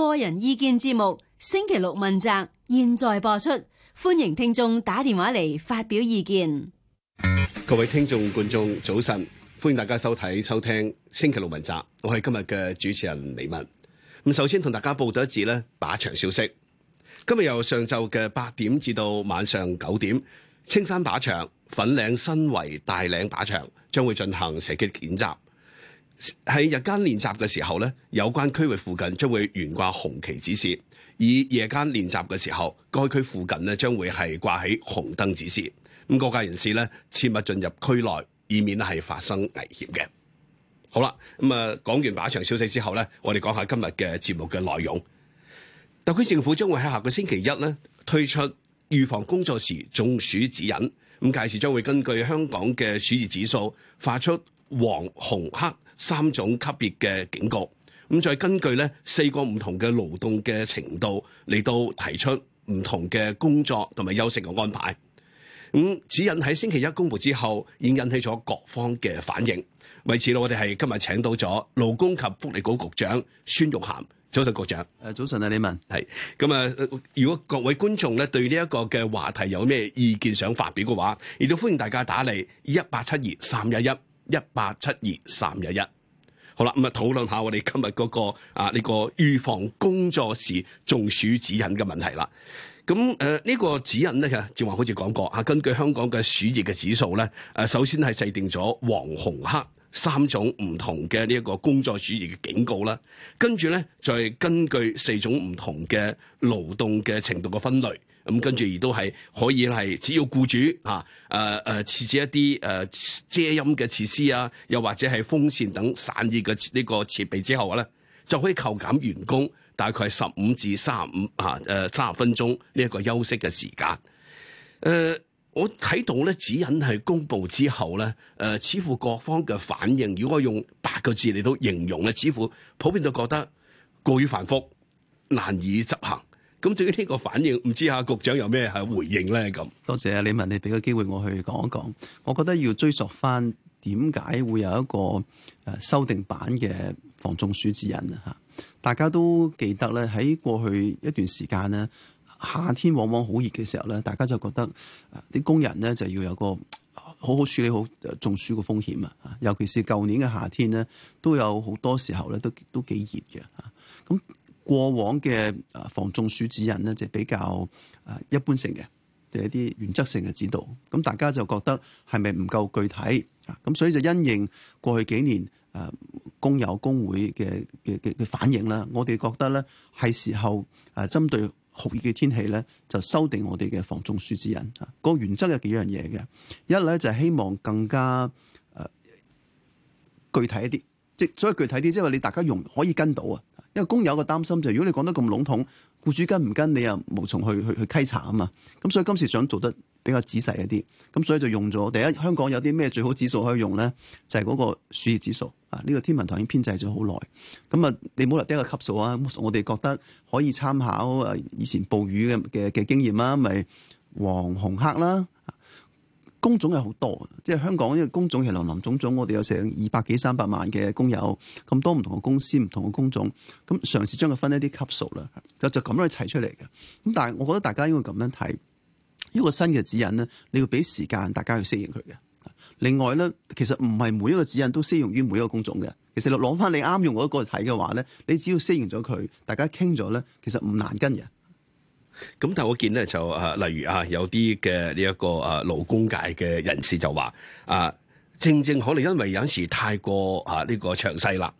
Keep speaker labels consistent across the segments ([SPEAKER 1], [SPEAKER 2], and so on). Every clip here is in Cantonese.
[SPEAKER 1] 個人意見節目星期六問責，現在播出，歡迎聽眾打電話嚟發表意見。
[SPEAKER 2] 各位聽眾觀眾早晨，歡迎大家收睇收聽星期六問責，我係今日嘅主持人李文。咁首先同大家報道一節咧，靶場消息。今日由上晝嘅八點至到晚上九點，青山靶場、粉嶺新圍、大嶺靶場將會進行射擊演習。喺日間練習嘅時候呢，有關區域附近將會懸掛紅旗指示；而夜間練習嘅時候，該區附近呢將會係掛起紅燈指示。咁各界人士呢，切勿進入區內，以免係發生危險嘅。好啦，咁啊講完靶場消息之後呢，我哋講下今日嘅節目嘅內容。特區政府將會喺下個星期一呢推出預防工作時中暑指引。咁屆時將會根據香港嘅暑熱指數發出黃、紅、黑。三種級別嘅警告，咁再根據咧四個唔同嘅勞動嘅程度嚟到提出唔同嘅工作同埋休息嘅安排。咁指引喺星期一公布之後，已經引起咗各方嘅反應。為此，我哋係今日請到咗勞工及福利局局長孫玉菡，早晨，局長。誒，早晨啊，李文。係咁啊！如果各位觀眾咧對呢一個嘅話題有咩意見想發表嘅話，亦都歡迎大家打嚟一八七二三一一。一八七二三一一，好啦，咁啊討論下我哋今日嗰、那個啊呢、這個預防工作時中暑指引嘅問題啦。咁誒呢個指引咧，正話好似講過吓，根據香港嘅暑熱嘅指數咧，誒、啊、首先係制定咗黃、紅、黑三種唔同嘅呢一個工作暑熱嘅警告啦。跟住咧就係、是、根據四種唔同嘅勞動嘅程度嘅分類。咁跟住亦都係可以係，只要僱主啊誒誒設置一啲誒、呃、遮陰嘅設施啊，又或者係風扇等散熱嘅呢個設備之後咧，就可以扣減員工大概十五至三十五啊誒三十分鐘呢一個休息嘅時間。誒、呃，我睇到咧指引係公布之後咧，誒、呃，似乎各方嘅反應，如果用八個字嚟到形容咧，似乎普遍就覺得過於繁複，難以執行。咁對於呢個反應，唔知下局長有咩係回應咧？咁多謝啊，李文，你俾個機會我去講一講。我覺得要追溯翻點解
[SPEAKER 1] 會有一個誒修訂版嘅防中暑指引啊。嚇，大家都記得咧，喺過去一段時間咧，夏天往往好熱嘅時候咧，大家就覺得啊，啲工人咧就要有個好好處理好中暑嘅風險啊。尤其是舊年嘅夏天咧，都有好多時候咧都都幾熱嘅嚇咁。過往嘅防中暑指引咧，就比較誒一般性嘅，就係一啲原則性嘅指導。咁大家就覺得係咪唔夠具體？咁所以就因應過去幾年誒工友工會嘅嘅嘅嘅反應啦，我哋覺得咧係時候誒針對酷熱嘅天氣咧，就修訂我哋嘅防中暑指引。個原則有幾樣嘢嘅，一咧就係希望更加誒具體一啲，即係所謂具體啲，即係話你大家用可以跟到啊。因為工友嘅擔心就，如果你講得咁籠統，僱主跟唔跟你又無從去去去稽查啊嘛，咁所以今次想做得比較仔細一啲，咁所以就用咗第一香港有啲咩最好指數可以用咧，就係、是、嗰個暑熱指數啊，呢、這個天文台已經編製咗好耐，咁啊你冇留低個級數啊，我哋覺得可以參考以前暴雨嘅嘅嘅經驗啦、啊，咪、就是、黃紅黑啦。工種係好多，即係香港呢個工種其實林林總總，我哋有成二百幾三百萬嘅工友，咁多唔同嘅公司、唔同嘅工種，咁嘗試將佢分一啲級數啦，就就咁樣砌出嚟嘅。咁但係，我覺得大家應該咁樣睇呢個新嘅指引咧，你要俾時間大家去適應佢嘅。另外咧，其實唔係每一個指引都適用於每一個工種嘅。其實攞翻你啱用嗰個嚟睇嘅話咧，你只要適應咗佢，大家傾咗咧，其實唔難跟嘅。
[SPEAKER 2] 咁但係我見咧就誒，例如啊，有啲嘅呢一個誒勞工界嘅人士就話啊，正正可能因為有陣時太過啊呢個詳細啦，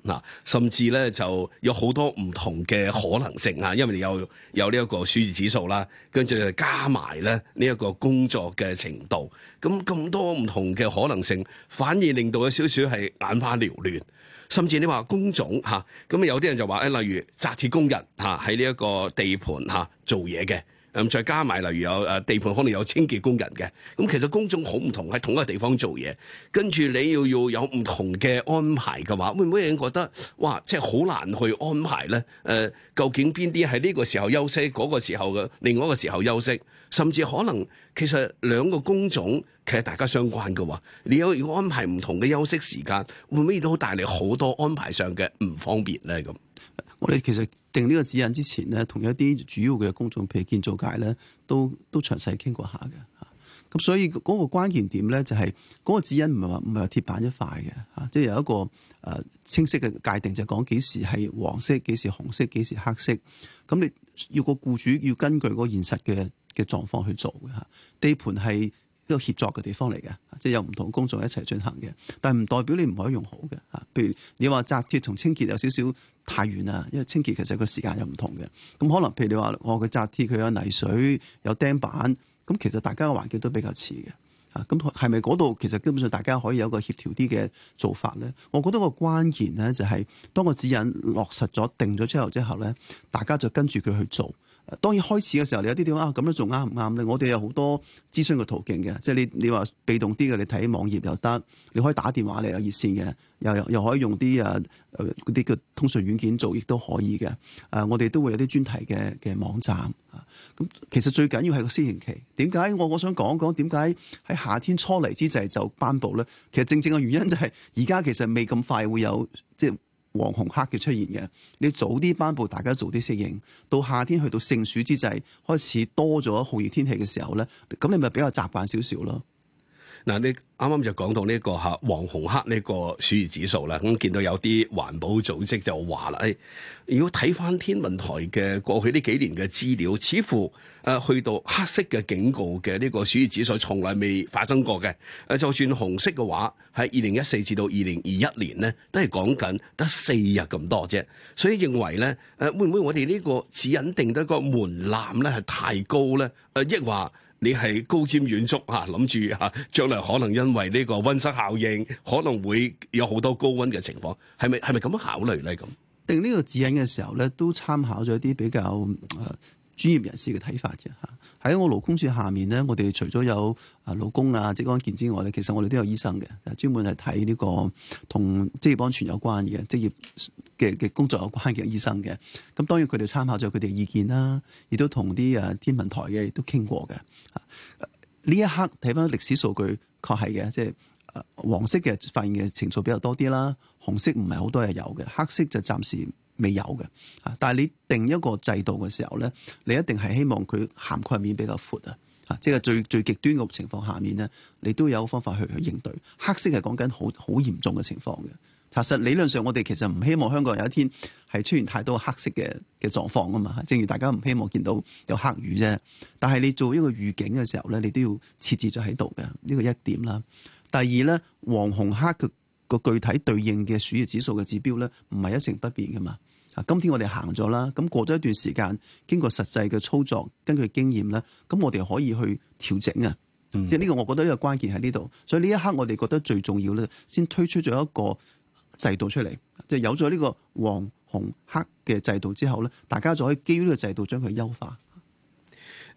[SPEAKER 2] 甚至咧就有好多唔同嘅可能性啊，因為有有呢一個數字指數啦，跟住加埋咧呢一個工作嘅程度，咁咁多唔同嘅可能性，反而令到有少少係眼花繚亂。甚至你話工種吓，咁啊有啲人就話，例如紮鐵工人吓喺呢一個地盤做嘢嘅，咁再加埋例如有地盤可能有清潔工人嘅，咁其實工種好唔同，喺同一個地方做嘢，跟住你要要有唔同嘅安排嘅話，會唔會有人覺得哇，即係好難去安排咧？誒、呃，究竟邊啲喺呢個時候休息，嗰、嗰個時候嘅，另外一個時候休息？甚至可能其實兩個工種其實大家相關嘅喎，你有如果安排唔同嘅休息時間，會唔會都帶嚟好多安排上嘅唔方便咧？咁我哋其實定
[SPEAKER 1] 呢個指引之前咧，同一啲主要嘅工種譬如建造界咧，都都詳細傾過下嘅嚇。咁所以嗰個關鍵點咧，就係嗰個指引唔係話唔係話鐵板一塊嘅嚇，即係有一個誒清晰嘅界定，就講幾時係黃色、幾時紅色、幾時黑色。咁你要個僱主要根據個現實嘅。嘅狀況去做嘅嚇，地盤係一個協作嘅地方嚟嘅，即係有唔同工作一齊進行嘅。但係唔代表你唔可以用好嘅嚇。譬如你話紮鐵同清潔有少少太遠啦，因為清潔其實個時間又唔同嘅。咁可能譬如你話我個紮鐵，佢有泥水有釘板，咁其實大家嘅環境都比較似嘅嚇。咁係咪嗰度其實基本上大家可以有一個協調啲嘅做法咧？我覺得個關鍵咧就係、是、當個指引落實咗定咗之後之後咧，大家就跟住佢去做。當然開始嘅時候，你有啲點啊咁樣做啱唔啱咧？我哋有好多諮詢嘅途徑嘅，即係你你話被動啲嘅，你睇網頁又得，你可以打電話嚟，有熱線嘅，又又又可以用啲誒誒嗰啲叫通訊軟件做，亦都可以嘅。誒、啊，我哋都會有啲專題嘅嘅網站啊。咁其實最緊要係個適應期。點解我我想講講點解喺夏天初嚟之際就頒布咧？其實正正嘅原因就係而家其實未咁快會有即。黃紅黑嘅出現嘅，你早啲頒布，大家早啲適應，到夏天去到盛暑之際，開始多咗酷熱天氣嘅時候呢，咁你咪比較習慣少少囉。
[SPEAKER 2] 嗱，你啱啱就講到呢個嚇黃紅黑呢個暑熱指數啦，咁見到有啲環保組織就話啦，哎，如果睇翻天文台嘅過去呢幾年嘅資料，似乎誒去到黑色嘅警告嘅呢個暑熱指數從來未發生過嘅。就算紅色嘅話，喺二零一四至到二零二一年呢，都係講緊得四日咁多啫。所以認為咧，誒會唔會我哋呢個指引定得個門檻咧係太高咧？誒、呃，抑你係高瞻遠矚吓，諗住吓將來可能因為呢個溫室效應，可能會有好多高溫嘅情況，係咪係咪咁樣考慮咧？咁
[SPEAKER 1] 定呢個指引嘅時候咧，都參考咗啲比較誒專業人士嘅睇法啫嚇，喺我勞工處下面咧，我哋除咗有老公啊勞工啊職安健之外咧，其實我哋都有醫生嘅，專門係睇呢個同職業安全有關嘅職業嘅嘅工作有關嘅醫生嘅。咁當然佢哋參考咗佢哋嘅意見啦，亦都同啲誒天文台嘅都傾過嘅。呢一刻睇翻歷史數據，確係嘅，即係黃色嘅發現嘅情況比較多啲啦，紅色唔係好多日有嘅，黑色就暫時。未有嘅嚇，但係你定一個制度嘅時候咧，你一定係希望佢涵蓋面比較闊啊！嚇，即係最最極端嘅情況下面咧，你都有方法去去應對。黑色係講緊好好嚴重嘅情況嘅其實，理論上我哋其實唔希望香港有一天係出現太多黑色嘅嘅狀況啊嘛！正如大家唔希望見到有黑雨啫。但係你做一個預警嘅時候咧，你都要設置咗喺度嘅呢個一點啦。第二咧，黃紅黑嘅個具體對應嘅暑熱指數嘅指標咧，唔係一成不變嘅嘛。今天我哋行咗啦，咁過咗一段時間，經過實際嘅操作，根據經驗咧，咁我哋可以去調整啊，即係呢個，我覺得呢個關鍵喺呢度。所以呢一刻，我哋覺得最重要咧，先推出咗一個制度出嚟，即係有咗呢個黃紅黑嘅制度之後咧，大家就可以基於呢個制度將佢優化。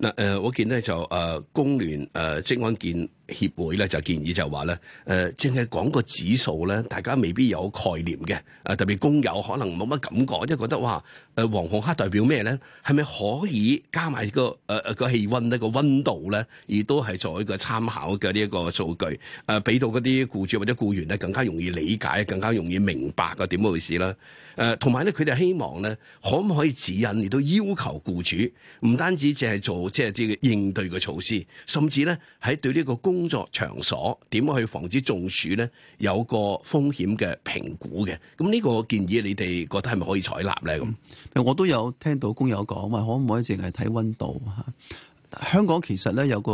[SPEAKER 2] 嗱、呃、誒，我見咧就誒工、呃、聯誒職、呃、安健協會咧就建議就話咧誒，淨係講個指數咧，大家未必有概念嘅，誒、呃、特別工友可能冇乜感覺，即係覺得哇誒、呃、黃紅黑代表咩咧？係咪可以加埋個誒誒、呃、個氣温咧個温度咧，而都係作一個參考嘅呢一個數據誒，俾到嗰啲僱主或者僱員咧更加容易理解，更加容易明白個點樣回事啦。誒同埋咧，佢、呃、哋希望咧，可唔可以指引亦都要求僱主唔單止淨係做。即係啲應對嘅措施，甚至咧喺對呢個工作場所點去防止中暑咧，有個風險嘅評估嘅。咁呢個建議你哋覺得係咪可以採納咧？咁、嗯、我都有
[SPEAKER 1] 聽到工友講話，可唔可以淨係睇温度吓？香港其實咧有個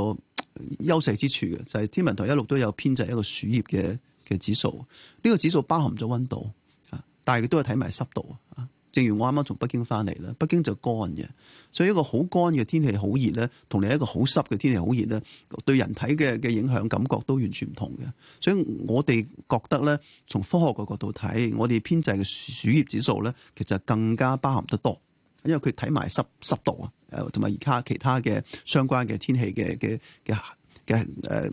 [SPEAKER 1] 優勢之處嘅，就係、是、天文台一路都有編制一個暑熱嘅嘅指數。呢、這個指數包含咗温度啊，但係佢都係睇埋濕度啊。正如我啱啱從北京翻嚟啦，北京就乾嘅，所以一個好乾嘅天氣好熱咧，同你一個好濕嘅天氣好熱咧，對人體嘅嘅影響感覺都完全唔同嘅。所以我哋覺得咧，從科學嘅角度睇，我哋編制嘅暑熱指數咧，其實更加包含得多，因為佢睇埋濕濕度啊，誒，同埋而家其他嘅相關嘅天氣嘅嘅嘅嘅誒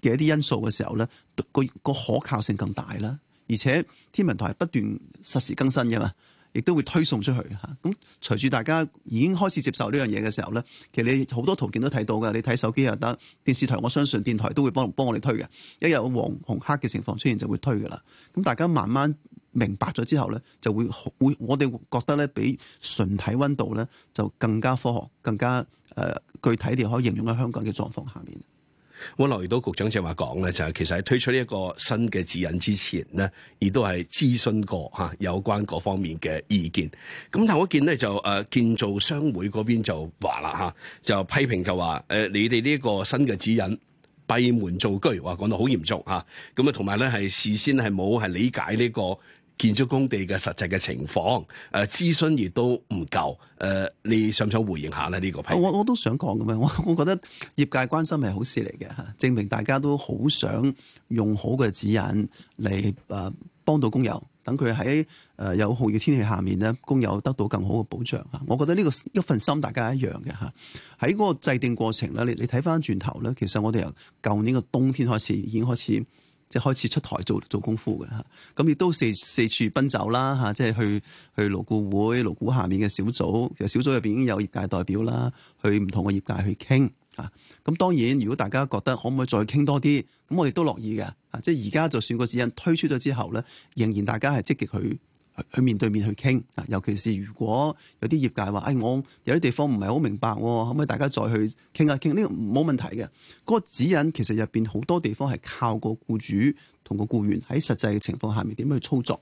[SPEAKER 1] 嘅一啲因素嘅時候咧，個個可靠性更大啦。而且天文台係不斷實時更新嘅嘛。亦都會推送出去吓，咁隨住大家已經開始接受呢樣嘢嘅時候呢，其實你好多途徑都睇到㗎，你睇手機又得，電視台我相信電台都會幫幫我哋推嘅，一有黃紅黑嘅情況出現就會推㗎喇。咁大家慢慢明白咗之後呢，就會會我哋覺得呢，比純體溫度呢就更加科學，更加誒具體啲可以應用喺香港嘅狀況下面。
[SPEAKER 2] 我留意到局長正話講咧，就係、是、其實喺推出呢一個新嘅指引之前咧，亦都係諮詢過吓有關嗰方面嘅意見。咁但係我見咧就誒，建造商會嗰邊就話啦吓，就批評就話誒，你哋呢個新嘅指引閉門造車，話講到好嚴重吓。咁啊，同埋咧係事先係冇係理解呢、這個。建築工地嘅實際嘅情況，誒諮詢亦都唔夠，誒你想唔想回應下咧呢個？我我都想講咁樣。我我覺得業界關心係
[SPEAKER 1] 好事嚟嘅嚇，證明大家都好想用好嘅指引嚟誒幫到工友，等佢喺誒有酷熱天氣下面咧，工友得到更好嘅保障嚇。我覺得呢個一份心大家一樣嘅嚇，喺嗰個制定過程咧，你你睇翻轉頭咧，其實我哋由舊年嘅冬天開始已經開始。即係開始出台做做功夫嘅吓，咁亦都四四處奔走啦吓，即係去去勞顧會、勞顧下面嘅小組，其實小組入邊已經有業界代表啦，去唔同嘅業界去傾吓。咁當然，如果大家覺得可唔可以再傾多啲，咁我哋都樂意嘅。啊，即係而家就算個指引推出咗之後咧，仍然大家係積極去。去面對面去傾啊，尤其是如果有啲業界話，誒，我有啲地方唔係好明白，可唔可以大家再去傾下傾？呢個冇問題嘅。嗰個指引其實入邊好多地方係靠個僱主同個僱員喺實際嘅情況下面點樣去操作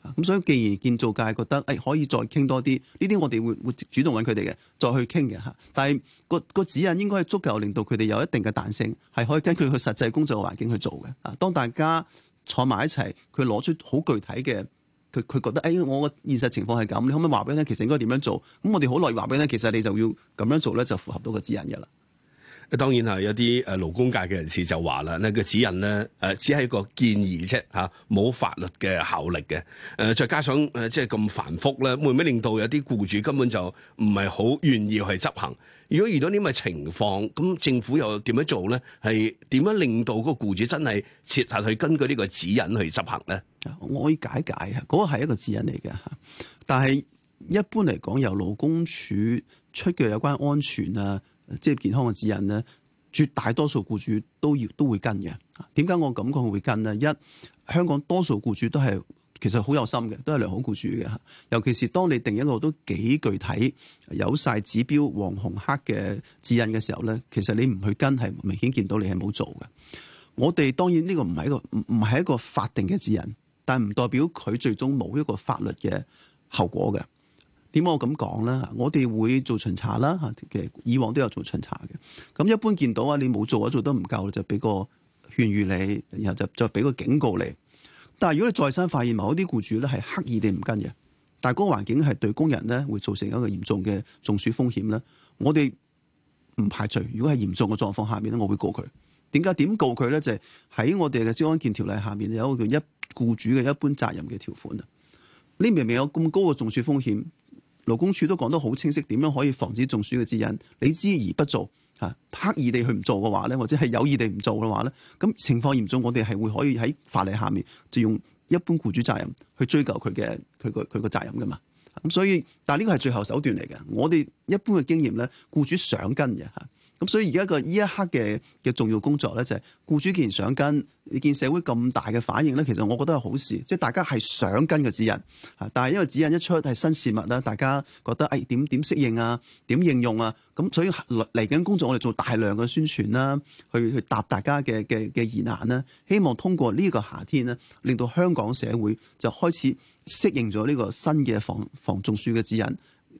[SPEAKER 1] 啊。咁所以，既然建造界覺得誒，可以再傾多啲，呢啲我哋會會主動揾佢哋嘅，再去傾嘅嚇。但係個個指引應該係足夠，令到佢哋有一定嘅彈性，係可以根據佢實際工作嘅環境去做嘅。啊，當大家坐埋一齊，佢攞出好具體嘅。佢佢覺得，誒、哎，我個現實情況係咁，你可唔可以話俾佢聽其實應該點樣做？咁我哋好樂意話俾佢其實你就要咁樣做咧，就符合到指、個指引嘅啦。
[SPEAKER 2] 當然係有啲誒勞工界嘅人士就話啦，呢個指引咧誒，只係一個建議啫嚇，冇法律嘅效力嘅。誒，再加上誒即係咁繁複咧，會唔會令到有啲僱主根本就唔係好願意去執行？如果遇到呢啲咁嘅情況，咁政府又點樣做咧？係點樣令到個僱主真係切實去根據呢個指引去執行咧？
[SPEAKER 1] 我可以解解啊，嗰個係一個指引嚟嘅嚇。但係一般嚟講，由勞工處出嘅有關安全啊、即係健康嘅指引咧，絕大多數僱主都要都會跟嘅。點解我感覺會跟咧？一香港多數僱主都係。其實好有心嘅，都係良好僱主嘅。尤其是當你定一個都幾具體、有晒指標、黃紅黑嘅指引嘅時候咧，其實你唔去跟，係明顯見到你係冇做嘅。我哋當然呢個唔係一個唔係一個法定嘅指引，但係唔代表佢最終冇一個法律嘅後果嘅。點解我咁講咧？我哋會做巡查啦，其實以往都有做巡查嘅。咁一般見到啊，你冇做啊，做得唔夠，就俾個勸喻你，然後就再俾個警告你。但係，如果你再三發現某一啲僱主咧，係刻意地唔跟嘅，但係嗰個環境係對工人咧會造成一個嚴重嘅中暑風險咧，我哋唔排除。如果係嚴重嘅狀況下面咧，我會告佢。點解點告佢咧？就係、是、喺我哋嘅《職安健條例》下面有一個叫一僱主嘅一般責任嘅條款啊。呢，明明有咁高嘅中暑風險，勞工處都講得好清晰，點樣可以防止中暑嘅指引，你知而不做。刻意地去唔做嘅話咧，或者係有意地唔做嘅話咧，咁情況嚴重，我哋係會可以喺法例下面就用一般僱主責任去追究佢嘅佢個佢個責任㗎嘛。咁所以，但係呢個係最後手段嚟嘅。我哋一般嘅經驗咧，僱主想跟嘅吓。咁所以而家個依一刻嘅嘅重要工作咧，就係僱主既然想跟，你見社會咁大嘅反應咧，其實我覺得係好事，即係大家係想跟嘅指引嚇。但係因為指引一出係新事物啦，大家覺得誒點點適應啊，點應用啊，咁所以嚟緊工作我哋做大量嘅宣傳啦，去去答大家嘅嘅嘅疑難啦，希望通過呢個夏天咧，令到香港社會就開始適應咗呢個新嘅防防中暑嘅指引。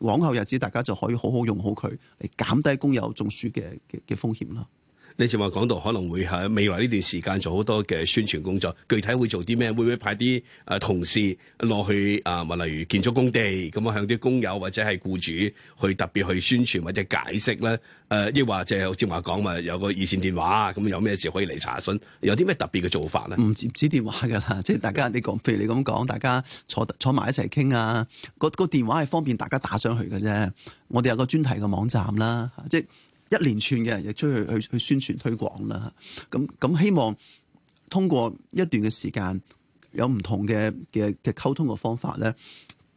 [SPEAKER 1] 往後日子，大家就可以好好用好佢嚟減低工友中暑嘅風險。
[SPEAKER 2] 你正話講到可能會喺未來呢段時間做好多嘅宣傳工作，具體會做啲咩？會唔會派啲同事落去啊？例如建築工地咁啊，向啲工友或者係僱主去特別去宣傳或者解釋咧？誒、啊，亦或就係好似話講嘛，有個熱線電話咁，有咩事可以嚟查詢？有啲咩特別嘅做法咧？
[SPEAKER 1] 唔止電話㗎啦，即係大家你講，譬如你咁講，大家坐坐埋一齊傾啊，個電話係方便大家打上去嘅啫。我哋有個專題嘅網站啦，即係一連串嘅人亦出去去去宣傳推廣啦，咁咁希望通過一段嘅時間，有唔同嘅嘅嘅溝通嘅方法咧，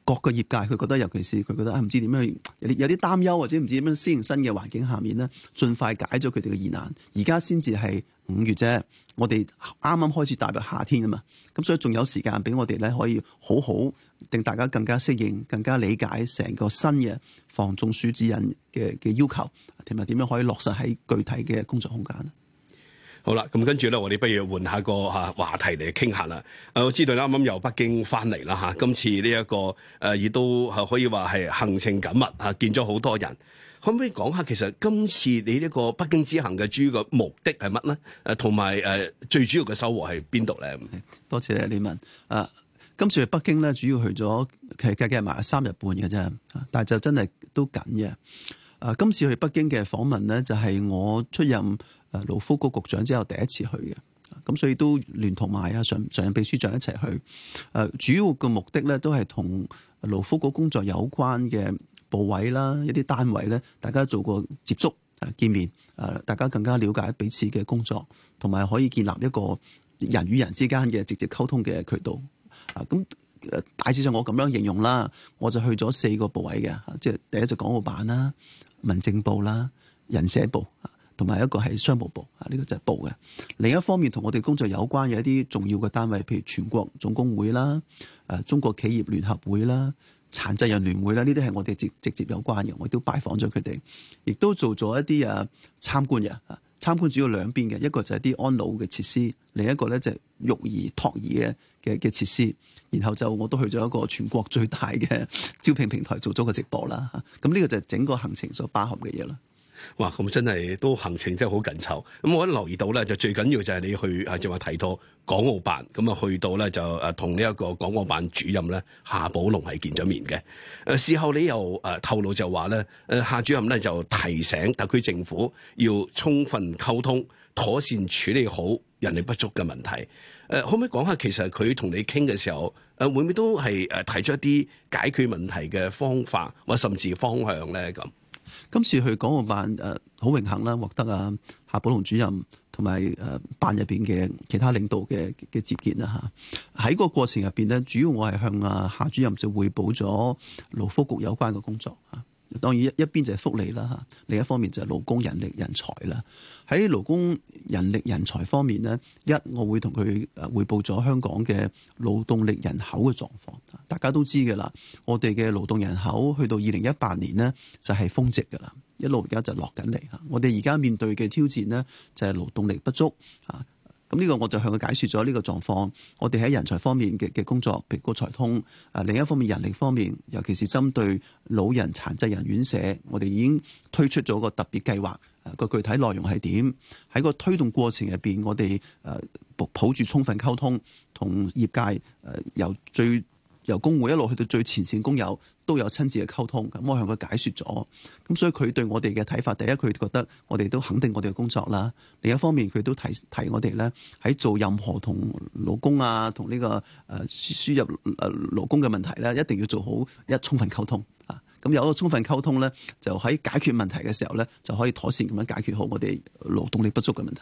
[SPEAKER 1] 各個業界佢覺得，尤其是佢覺得啊，唔知點樣有啲有啲擔憂或者唔知點樣適應新嘅環境下面咧，盡快解咗佢哋嘅疑難。而家先至係五月啫，我哋啱啱開始踏入夏天啊嘛，咁所以仲有時間俾我哋咧，可以好好令大家更加適應、更加理解成個新嘅防中暑指引嘅嘅要求。係咪點樣可以落實喺具體嘅工作空間咧？
[SPEAKER 2] 好啦，咁跟住咧，我哋不如換下個嚇話題嚟傾下啦。啊，我知道啱啱由北京翻嚟啦嚇，今次呢、這、一個誒亦都可以話係行程緊密嚇，見咗好多人。可唔可以講下其實今次你呢個北京之行嘅主要目的係乜咧？誒同埋誒最主要嘅收穫係邊度咧？多謝你，李文、啊。
[SPEAKER 1] 今次去北京咧，主要去咗其實計計埋三日半嘅啫，但係就真係都緊嘅。啊，今次去北京嘅訪問咧，就係我出任誒勞福局局長之後第一次去嘅，咁所以都聯同埋啊，上上任秘書長一齊去。誒，主要嘅目的咧，都係同勞福局工作有關嘅部位委啦，一啲單位咧，大家做過接觸誒、見面誒，大家更加了解彼此嘅工作，同埋可以建立一個人與人之間嘅直接溝通嘅渠道。啊，咁大致上我咁樣形容啦，我就去咗四個部委嘅，即係第一就港澳辦啦。民政部啦、人社部啊，同埋一個係商務部啊，呢個就係部嘅。另一方面，同我哋工作有關嘅一啲重要嘅單位，譬如全國總工會啦、誒中國企業聯合會啦、殘疾人聯會啦，呢啲係我哋直直接有關嘅，我亦都拜訪咗佢哋，亦都做咗一啲誒參觀嘅。參觀主要兩邊嘅，一個就係啲安老嘅設施，另一個咧就係。育兒托兒嘅嘅嘅設施，然後就我都去咗一個全國最大嘅招聘平台做咗個直播啦。咁、
[SPEAKER 2] 這、呢個就係整個行程所包含嘅嘢啦。哇！咁真係都行程真係好緊湊。咁我一留意到咧，就最緊要就係你去啊，正話提到港澳辦，咁啊去到咧就誒同呢一個港澳辦主任咧夏寶龍係見咗面嘅。誒事後你又誒透露就話咧，誒夏主任咧就提醒特區政府要充分溝通，妥善處理好。人力不足嘅問題，誒，可唔可以講下？其實佢同你傾嘅時候，誒，會唔會都係誒提出一啲解決問題嘅方法或者甚至方向咧？咁
[SPEAKER 1] 今次去港澳辦誒，好榮幸啦，獲得阿夏寶龍主任同埋誒辦入邊嘅其他領導嘅嘅接見啦。吓，喺個過程入邊咧，主要我係向阿夏主任就匯報咗勞福局有關嘅工作吓。當然一一邊就係福利啦嚇，另一方面就係勞工人力人才啦。喺勞工人力人才方面咧，一我會同佢誒匯報咗香港嘅勞動力人口嘅狀況。大家都知嘅啦，我哋嘅勞動人口去到二零一八年咧就係峰值嘅啦，一路而家就落緊嚟嚇。我哋而家面對嘅挑戰咧就係勞動力不足嚇。咁、這、呢個我就向佢解説咗呢個狀況。我哋喺人才方面嘅嘅工作，譬如高才通；啊，另一方面人力方面，尤其是針對老人、殘疾人院舍，我哋已經推出咗個特別計劃。個具體內容係點？喺個推動過程入面，我哋誒抱住充分溝通，同業界誒由最。由工會一路去到最前線工友都有親自嘅溝通，咁我向佢解説咗，咁所以佢對我哋嘅睇法，第一佢覺得我哋都肯定我哋嘅工作啦，另一方面佢都提提我哋咧喺做任何同勞工啊同呢個誒輸入誒勞工嘅問題咧，一定要做好一充分溝通啊，咁有一個充分溝通咧，就喺解決問題嘅時候咧，就可以妥善咁樣解決好我哋勞動力不足嘅問題。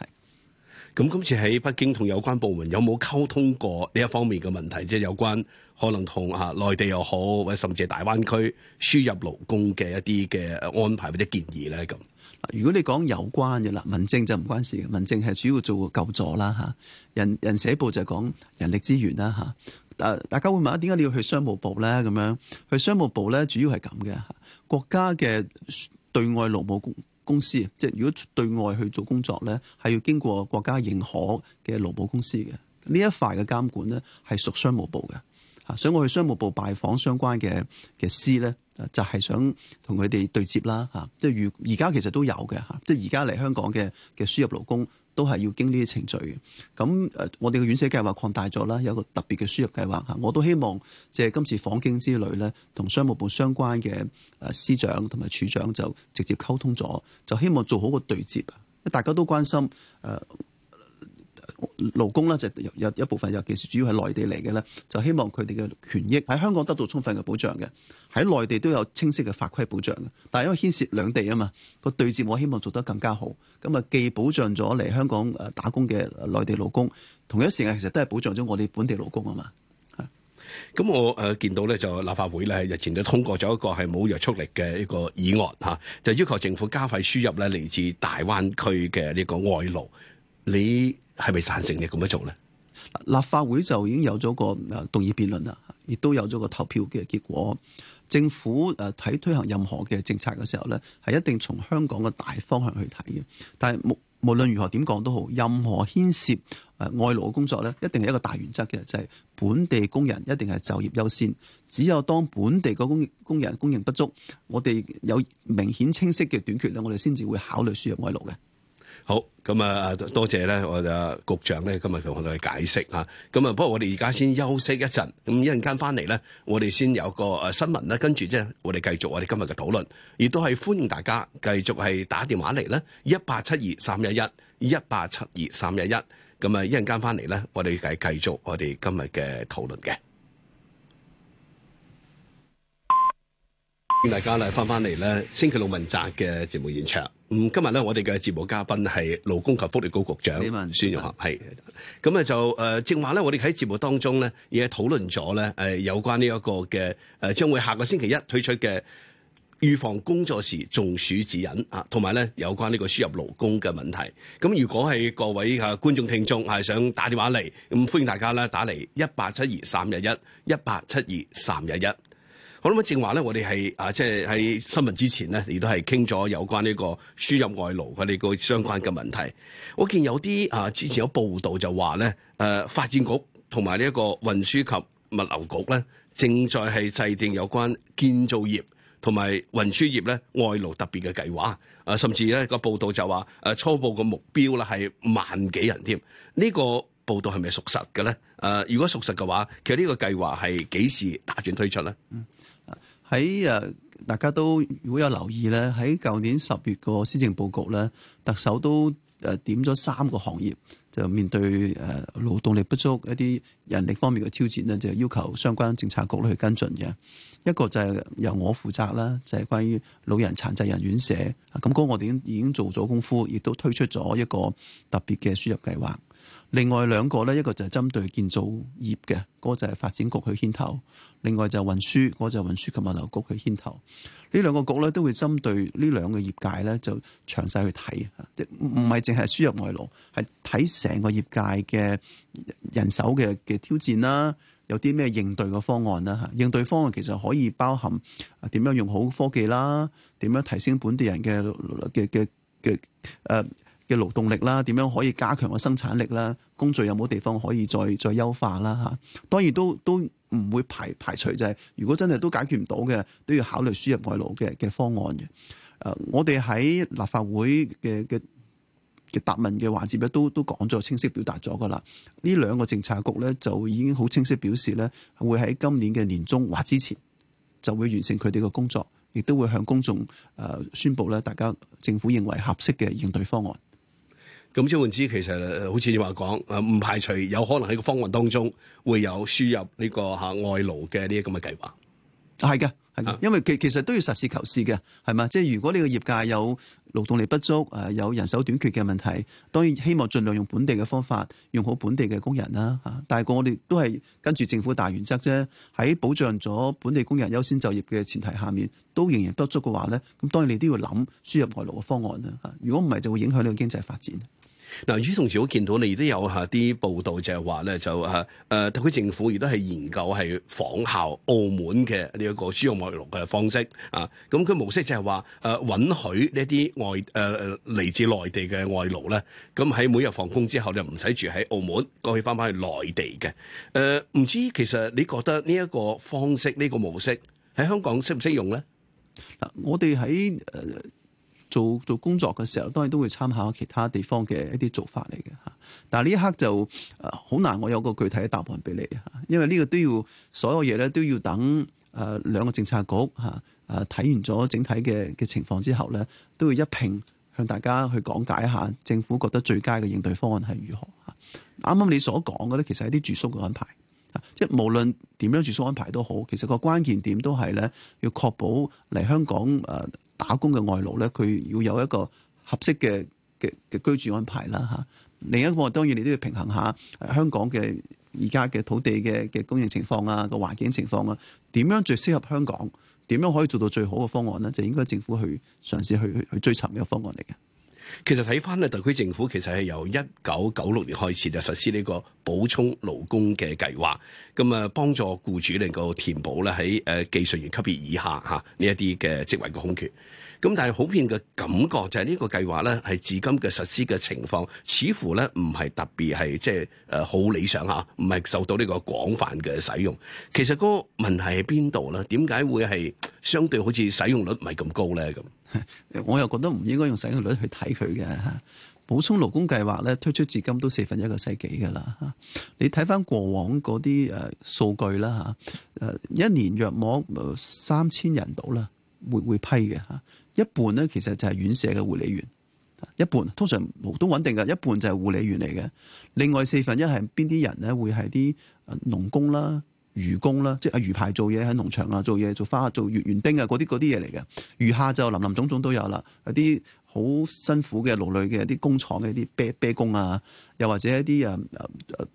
[SPEAKER 2] 咁今次喺北京同有關部門有冇溝通過呢一方面嘅問題，即係有關可能同啊內地又好，或者甚至係大灣區輸入勞工嘅一啲嘅安排或者建議咧？咁，如果你講有關嘅啦，民政就唔關事嘅，民
[SPEAKER 1] 政係主要做救助啦吓。人人社部就講人力資源啦吓。誒，大家會問：點解你要去商務部咧？咁樣去商務部咧，主要係咁嘅吓。國家嘅對外勞務公司啊，即係如果對外去做工作咧，係要經過國家認可嘅勞保公司嘅。呢一塊嘅監管咧係屬商務部嘅，啊，所以我去商務部拜訪相關嘅嘅司咧，就係想同佢哋對接啦，吓，即係如而家其實都有嘅吓，即係而家嚟香港嘅嘅輸入勞工。都係要經呢啲程序嘅，咁我哋嘅院舍計劃擴大咗啦，有個特別嘅輸入計劃吓，我都希望借今次訪京之旅咧，同商務部相關嘅誒司長同埋處長就直接溝通咗，就希望做好個對接啊，大家都關心誒。勞工呢，就有有一部分尤其是，主要係內地嚟嘅咧，就希望佢哋嘅權益喺香港得到充分嘅保障嘅，喺內地都有清晰嘅法規保障嘅。但係因為牽涉兩地啊嘛，個對接我希望做得更加好。咁啊，既保障咗嚟香港誒打工嘅內地勞工，同一時間，其實都係保障咗我哋本地勞工啊嘛。吓，
[SPEAKER 2] 咁我誒見到咧就立法會咧日前都通過咗一個係冇約束力嘅一個議案吓，就要求政府加快輸入咧嚟自大灣區嘅呢個外勞。你係咪贊成你咁樣做咧？
[SPEAKER 1] 立法會就已經有咗個誒動議辯論啦，亦都有咗個投票嘅結果。政府誒睇推行任何嘅政策嘅時候咧，係一定從香港嘅大方向去睇嘅。但係無無論如何點講都好，任何牽涉誒外勞嘅工作咧，一定係一個大原則嘅，就係本地工人一定係就業優先。只有當本地嘅工工人供應不足，我哋有明顯清晰嘅短缺咧，我哋先至會考慮輸入外勞嘅。
[SPEAKER 2] 好，咁啊多謝咧，我哋啊局長咧今日同我哋解釋吓，咁啊，不過我哋而家先休息一陣，咁一陣間翻嚟咧，我哋先有個誒新聞咧，跟住即係，我哋繼續我哋今日嘅討論，亦都係歡迎大家繼續係打電話嚟咧，一八七二三一一一八七二三一一，咁啊一陣間翻嚟咧，我哋繼繼續我哋今日嘅討論嘅。大家咧翻翻嚟，咧星期六問責嘅節目現場。咁今日咧，我哋嘅節目嘉賓係勞工及福利局局長孫玉華，係。咁咧就誒、呃、正話咧，我哋喺節目當中咧，亦家討論咗咧誒有關呢、這、一個嘅誒、呃，將會下個星期一推出嘅預防工作時中暑指引啊，同埋咧有關呢個輸入勞工嘅問題。咁如果係各位啊觀眾聽眾係想打電話嚟，咁歡迎大家咧打嚟一八七二三一一一八七二三一一。好，咁正話咧，我哋係啊，即係喺新聞之前咧，亦都係傾咗有關呢個輸入外勞佢哋個相關嘅問題。我見有啲啊，之前有報道就話咧，誒發展局同埋呢一個運輸及物流局咧，正在係制定有關建造業同埋運輸業咧外勞特別嘅計劃。啊，甚至咧個報道就話，誒初步個目標咧係萬幾人添。呢個報道係咪屬實嘅咧？誒，如果屬實嘅話，其實呢個計劃係幾時打算推出咧？
[SPEAKER 1] 喺誒，大家都如果有留意咧，喺舊年十月個施政報告咧，特首都誒點咗三個行業就面對誒勞動力不足一啲人力方面嘅挑戰咧，就要求相關政策局去跟進嘅一個就係由我負責啦，就係關於老人殘疾人院舍啊，咁嗰個我哋已經做咗功夫，亦都推出咗一個特別嘅輸入計劃。另外兩個咧，一個就係針對建造業嘅，嗰個就係發展局去牽頭；另外就係運輸，嗰個就係運輸及物流局去牽頭。呢兩個局咧都會針對呢兩個業界咧，就詳細去睇嚇。唔係淨係輸入外勞，係睇成個業界嘅人手嘅嘅挑戰啦，有啲咩應對嘅方案啦嚇。應對方案其實可以包含點樣用好科技啦，點樣提升本地人嘅嘅嘅嘅誒。嘅勞動力啦，點樣可以加強個生產力啦？工序有冇地方可以再再優化啦？嚇，當然都都唔會排排除就係、是，如果真係都解決唔到嘅，都要考慮輸入外勞嘅嘅方案嘅。誒、呃，我哋喺立法會嘅嘅嘅答問嘅環節咧，都都講咗清晰表達咗㗎喇。呢兩個政策局咧，就已經好清晰表示咧，會喺今年嘅年中或之前就會完成佢哋嘅工作，亦都會向公眾誒、呃、宣佈咧，大家政府認為合適嘅應對方案。
[SPEAKER 2] 咁換言之其實好似你話講，唔排除有可能喺個方案當中會有輸入呢個外勞嘅呢咁嘅計劃，係嘅，係㗎！因為其其實都要實事求是嘅，
[SPEAKER 1] 係嘛？即係如果呢個業界有勞動力不足，有人手短缺嘅問題，當然希望盡量用本地嘅方法，用好本地嘅工人啦嚇。但係個我哋都係跟住政府大原則啫，喺保障咗本地工人優先就業嘅前提下面，都仍然不足嘅話咧，咁當然你都要諗輸入外勞嘅方案啦嚇。如果唔係就會影響呢個經濟發展。
[SPEAKER 2] 嗱，與此同時我見到你亦都有下啲報道，就係話咧就誒誒，特區政府亦都係研究係仿效澳門嘅呢一個輸入外勞嘅方式啊。咁佢模式就係話誒允許呢一啲外誒嚟、呃、自內地嘅外勞咧，咁喺每日放工之後就唔使住喺澳門，過去翻返去內地嘅。誒、呃、唔知其實你覺得呢一個方式呢、呢個模式喺香港適唔適用咧？
[SPEAKER 1] 嗱，我哋喺誒。呃做做工作嘅時候，當然都會參考其他地方嘅一啲做法嚟嘅嚇。但係呢一刻就好難，我有個具體嘅答案俾你嚇，因為呢個都要所有嘢咧都要等誒兩個政策局嚇誒睇完咗整體嘅嘅情況之後咧，都會一併向大家去講解一下政府覺得最佳嘅應對方案係如何嚇。啱啱你所講嘅咧，其實係啲住宿嘅安排，即係無論點樣住宿安排都好，其實個關鍵點都係咧要確保嚟香港打工嘅外勞咧，佢要有一個合適嘅嘅嘅居住安排啦吓，另一個當然你都要平衡下香港嘅而家嘅土地嘅嘅供應情況啊，個環境情況啊，點樣最適合香港？點樣可以做到最好嘅方案咧？就應該政府去嘗試去去去追尋呢個方案嚟嘅。
[SPEAKER 2] 其實睇翻咧，特區政府其實係由一九九六年開始就實施呢個補充勞工嘅計劃，咁啊幫助僱主能夠填補咧喺技術員級別以下呢一啲嘅職位嘅空缺。咁但係普遍嘅感覺就係呢個計劃咧，係至今嘅實施嘅情況，似乎咧唔係特別係即係誒好理想嚇，唔係受到呢個廣泛嘅使用。其實嗰個問題喺邊度咧？點解會係相對好似使用率唔係咁高咧？咁
[SPEAKER 1] 我又覺得唔應該用使用率去睇佢嘅。補充勞工計劃咧推出至今都四分一個世紀㗎啦。你睇返過往嗰啲誒數據啦嚇，誒一年約莫三千人到啦。會會批嘅嚇，一半咧其實就係院舍嘅護理員，一半通常都穩定嘅，一半就係護理員嚟嘅。另外四分一係邊啲人咧？會係啲農工啦、漁工啦，即係阿漁排做嘢喺農場啊，做嘢做花做月園丁啊嗰啲嗰啲嘢嚟嘅。餘下就林林總總都有啦，有啲。好辛苦嘅勞累嘅一啲工廠嘅一啲啤啤工啊，又或者一啲啊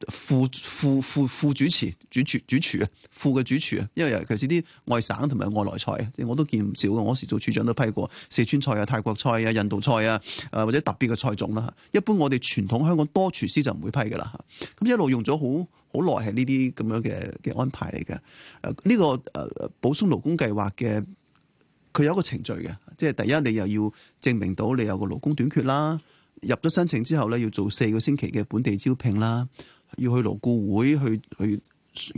[SPEAKER 1] 副副副副主廚、主廚、主廚啊、副嘅主廚啊，因為尤其是啲外省同埋外來菜，即我都見唔少嘅。我時做處長都批過四川菜啊、泰國菜啊、印度菜啊，或者特別嘅菜種啦、啊。一般我哋傳統的香港多廚師就唔會批㗎啦。咁一路用咗好好耐，係呢啲咁樣嘅嘅安排嚟嘅。呢、這個補充勞工計劃嘅，佢有一個程序嘅。即係第一，你又要證明到你有個勞工短缺啦。入咗申請之後咧，要做四個星期嘅本地招聘啦，要去勞顧會去去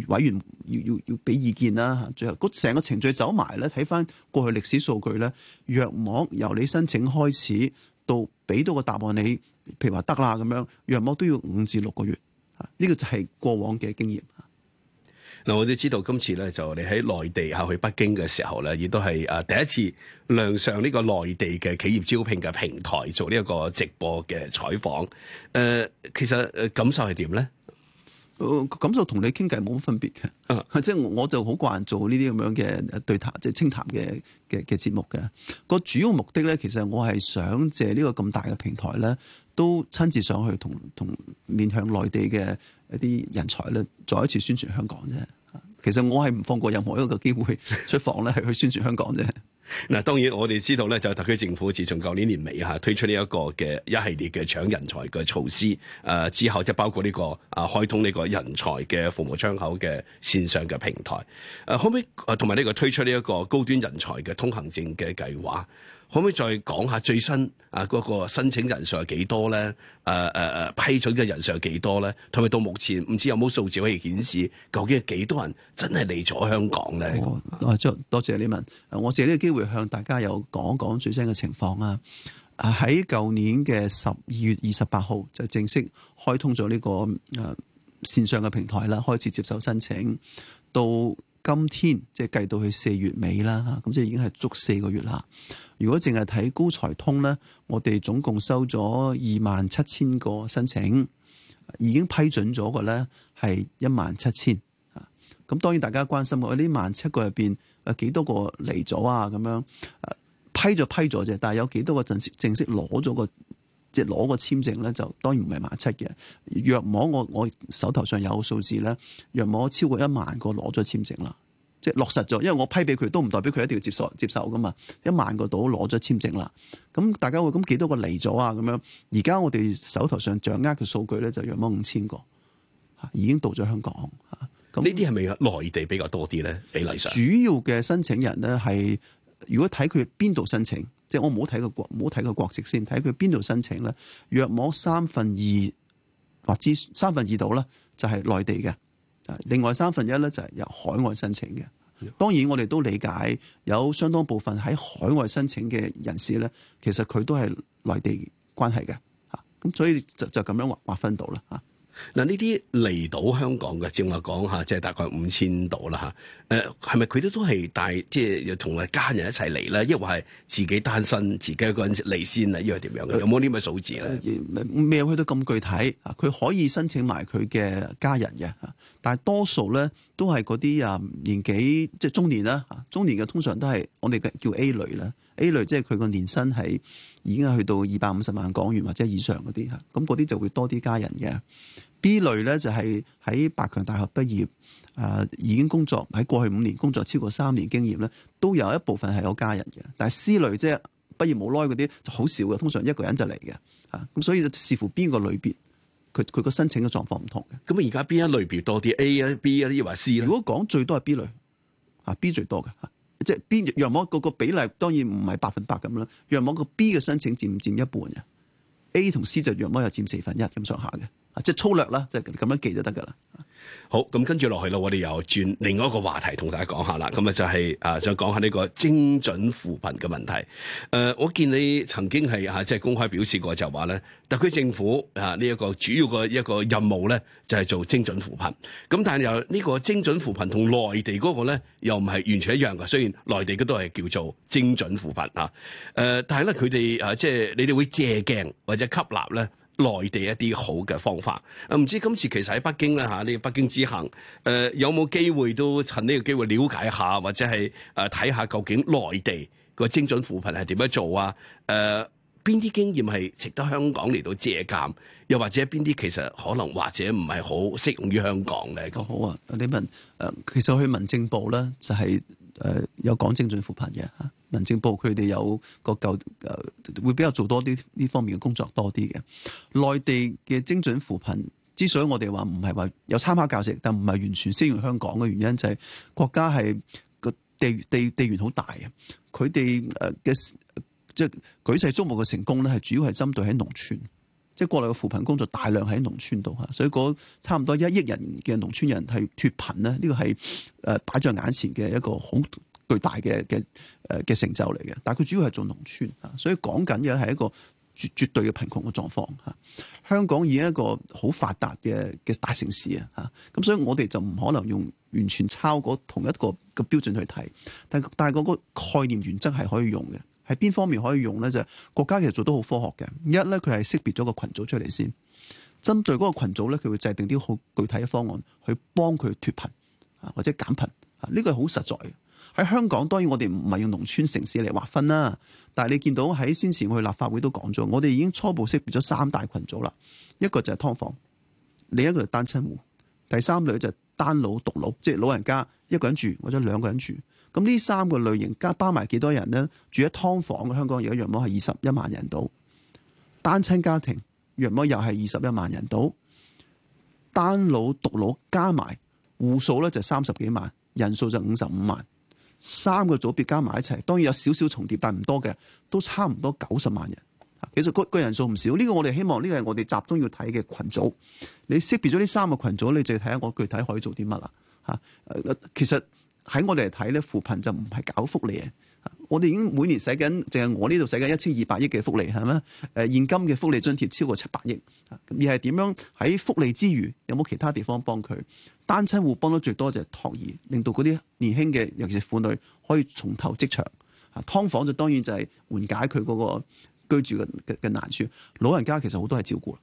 [SPEAKER 1] 委員要要要俾意見啦。最後成個程序走埋咧，睇返過去歷史數據咧，約莫由你申請開始到俾到個答案，你譬如話得啦咁樣，約莫都要五至六個月。呢、呢個就係過往嘅經驗。
[SPEAKER 2] 嗱，我哋知道今次咧，就你喺內地嚇去北京嘅時候咧，亦都係啊第一次亮相呢個內地嘅企業招聘嘅平台做呢一個直播嘅採訪。誒，其實誒感受係點咧？感受同你傾偈冇乜分別嘅，
[SPEAKER 1] 即係、啊、 我就好慣做呢啲咁樣嘅對談，即、就、係、是、清談嘅嘅嘅節目嘅。個主要目的咧，其實我係想借呢個咁大嘅平台咧，都親自上去同同面向內地嘅一啲人才咧，再一次宣傳香港啫。其實我係唔放過任何一個機會出訪咧，係 去宣傳香港啫。
[SPEAKER 2] 嗱，當然我哋知道咧，就特區政府自從舊年年尾嚇推出呢一個嘅一系列嘅搶人才嘅措施，誒之後即係包括呢個啊開通呢個人才嘅服務窗口嘅線上嘅平台，誒後尾誒同埋呢個推出呢一個高端人才嘅通行證嘅計劃。可唔可以再講下最新啊？嗰個申請人數係幾多咧？誒、呃、誒、呃、批准嘅人數係幾多咧？同埋到目前唔知有冇數字可以顯示，究竟係幾多人真係嚟咗香港咧、哦？多謝，多謝你問，我借呢個機會向大家有講講
[SPEAKER 1] 講最新嘅情況啊！喺舊年嘅十二月二十八號就正式開通咗呢個線上嘅平台啦，開始接受申請到。今天即係計到去四月尾啦，咁即係已經係足四個月啦。如果淨係睇高才通咧，我哋總共收咗二萬七千個申請，已經批准咗嘅咧係一萬七千。咁當然大家關心我呢萬七個入邊，幾多個嚟咗啊？咁樣，批咗批咗啫，但係有幾多個正式正式攞咗個？即係攞個簽證咧，就當然唔係萬七嘅。約莫我我手頭上有個數字咧，約莫超過一萬個攞咗簽證啦，即係落實咗。因為我批俾佢，都唔代表佢一定要接受接受噶嘛。一萬個都攞咗簽證啦。咁大家會咁幾多個嚟咗啊？咁樣而家我哋手頭上掌握嘅數據咧，就約莫五千個，已經到咗香港。咁呢啲係咪內
[SPEAKER 2] 地比較多啲咧？比例上
[SPEAKER 1] 主要嘅申請人咧係，如果睇佢邊度申請。即係我唔好睇個國，唔好睇個國籍先，睇佢邊度申請咧。約莫三分二或之三分二度咧，就係內地嘅；另外三分一咧，就係由海外申請嘅。當然我哋都理解有相當部分喺海外申請嘅人士咧，其實佢都係內地關係嘅吓。咁所以就就咁樣劃劃分到啦吓。
[SPEAKER 2] 嗱，呢啲嚟到香港嘅，正話講下即係大概五千到啦吓。誒，係咪佢哋都係帶即係同埋家人一齊嚟咧？抑或係自己單身自己一個人嚟先啊？抑或點樣嘅？有冇呢個數字咧？
[SPEAKER 1] 呃呃，未有去到咁具體？佢可以申請埋佢嘅家人嘅，但係多數咧都係嗰啲啊年紀即係中年啦，中年嘅通常都係我哋嘅叫 A 類啦。A 類即係佢個年薪係。已經係去到二百五十萬港元或者以上嗰啲嚇，咁嗰啲就會多啲家人嘅。B 類咧，就係喺百強大學畢業，誒、啊、已經工作喺過去五年工作超過三年經驗咧，都有一部分係有家人嘅。但係 C 類即係畢業冇耐嗰啲就好少嘅，通常一個人就嚟嘅嚇。咁、啊、所以就視乎邊個類別，佢佢個申請嘅狀況唔同嘅。
[SPEAKER 2] 咁而家邊一類別多啲 A 啊 B 啊，抑或 C 咧？如果講
[SPEAKER 1] 最多係 B 類，嚇 B 最多嘅。即係邊約莫個個比例，當然唔係百分百咁啦，約莫個 B 嘅申請佔唔佔一半啊？A 同 C 就約莫又佔四分一咁
[SPEAKER 2] 上下嘅，啊即係粗略啦，即係咁樣記就得噶啦。好，咁跟住落去啦，我哋又轉另外一個話題同大家講下啦。咁啊就係啊，想講下呢個精準扶貧嘅問題。誒、呃，我見你曾經係吓即係公開表示過就話咧，特區政府啊呢一個主要個一個任務咧就係做精準扶貧。咁但係又呢個精準扶貧同內地嗰個咧又唔係完全一樣噶。雖然內地嗰都係叫做精準扶貧啊，誒、呃，但係咧佢哋啊即係你哋會借鏡或者吸納咧，內地一啲好嘅方法，唔知今次其實喺北京咧嚇呢北京之行，誒、呃、有冇機會都趁呢個機會了解下，或者係誒睇下究竟內地個精準扶貧係點樣做啊？誒邊啲經驗係值得香港嚟到借鑑，又或者邊啲其實可能或者唔係好適用於香港嘅？咁、哦、好啊，你問誒、呃，其
[SPEAKER 1] 實去民政部咧就係、是。誒、呃、有講精準扶貧嘅嚇，民政部佢哋有個舊誒、呃，會比較做多啲呢方面嘅工作多啲嘅。內地嘅精準扶貧，之所以我哋話唔係話有參考價值，但唔係完全適用香港嘅原因，就係國家係個地地地緣好大啊。佢哋誒嘅即係舉世矚目嘅成功咧，係主要係針對喺農村。即係國內嘅扶貧工作，大量喺農村度嚇，所以嗰差唔多一億人嘅農村人係脫貧咧，呢個係誒擺在眼前嘅一個好巨大嘅嘅誒嘅成就嚟嘅。但係佢主要係做農村，所以講緊嘅係一個絕絕對嘅貧窮嘅狀況嚇。香港已經係一個好發達嘅嘅大城市啊嚇，咁所以我哋就唔可能用完全超過同一個嘅標準去睇，但係但係個個概念原則係可以用嘅。喺邊方面可以用咧就國家其實做得好科學嘅，一咧佢係識別咗個群組出嚟先，針對嗰個群組咧佢會制定啲好具體嘅方案去幫佢脱貧啊或者減貧啊呢個係好實在。喺香港當然我哋唔係用農村城市嚟劃分啦，但係你見到喺先前我去立法會都講咗，我哋已經初步識別咗三大群組啦，一個就係劏房，另一個就是單親戶，第三類就係單老獨老，即係老人家一個人住或者兩個人住。咁呢三個類型加包埋幾多人咧？住喺劏房嘅香港而家約莫係二十一萬人到，單親家庭約莫又係二十一萬人到，單老獨老加埋戶數咧就三十幾萬，人數就五十五萬，三個組別加埋一齊，當然有少少重疊，但唔多嘅，都差唔多九十萬人。其實個人數唔少，呢個我哋希望呢個係我哋集中要睇嘅群組。你識別咗呢三個群組，你就睇下我具體可以做啲乜啦。嚇，其實。喺我哋嚟睇咧，扶貧就唔係搞福利啊！我哋已經每年使緊，淨係我呢度使緊一千二百億嘅福利，係咪？誒，現金嘅福利津貼超過七百億，而係點樣喺福利之餘有冇其他地方幫佢？單親戶幫得最多就係托兒，令到嗰啲年輕嘅尤其是婦女可以從頭職場啊。劏房就當然就係緩解佢嗰個居住嘅嘅難處。老人家其實好多係照顧。